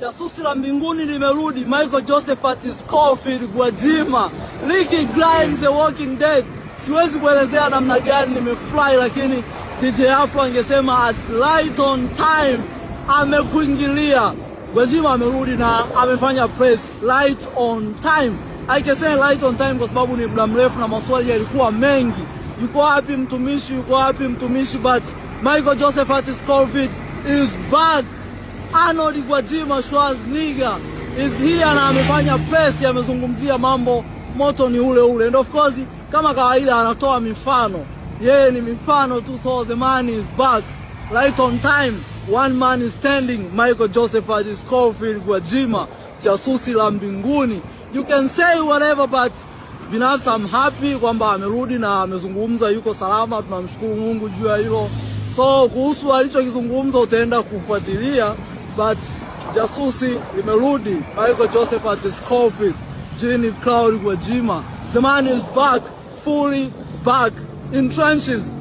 Jasusi la mbinguni limerudi. Michael Joseph Josephat Scofield Gwajima, Ricky Grimes, The Walking Dead. Siwezi kuelezea namna gani nimefurahi, lakini DJ hapo angesema at light on time amekuingilia. Gwajima amerudi na amefanya press light on time. Aikesema light on time kwa sababu ni muda mrefu na maswali yalikuwa mengi, yuko wapi mtumishi, yuko wapi mtumishi? But Michael Joseph Josephat Scofield is back. Arnold Gwajima Schwarzenegger is here na amefanya press, amezungumzia mambo, moto ni ule ule, and of course kama kawaida anatoa mifano, yeye ni mifano tu. So the man is back right on time, one man is standing, Michael Joseph Scofield Gwajima, jasusi la mbinguni. You can say whatever but binafsi I'm happy kwamba amerudi na amezungumza, yuko salama, tunamshukuru Mungu juu ya hilo. So kuhusu alichokizungumza utaenda kufuatilia but jasusi limerudi. Michael Josephat Scofield, Jini Cloud Gwajima, the man is back fully back in trenches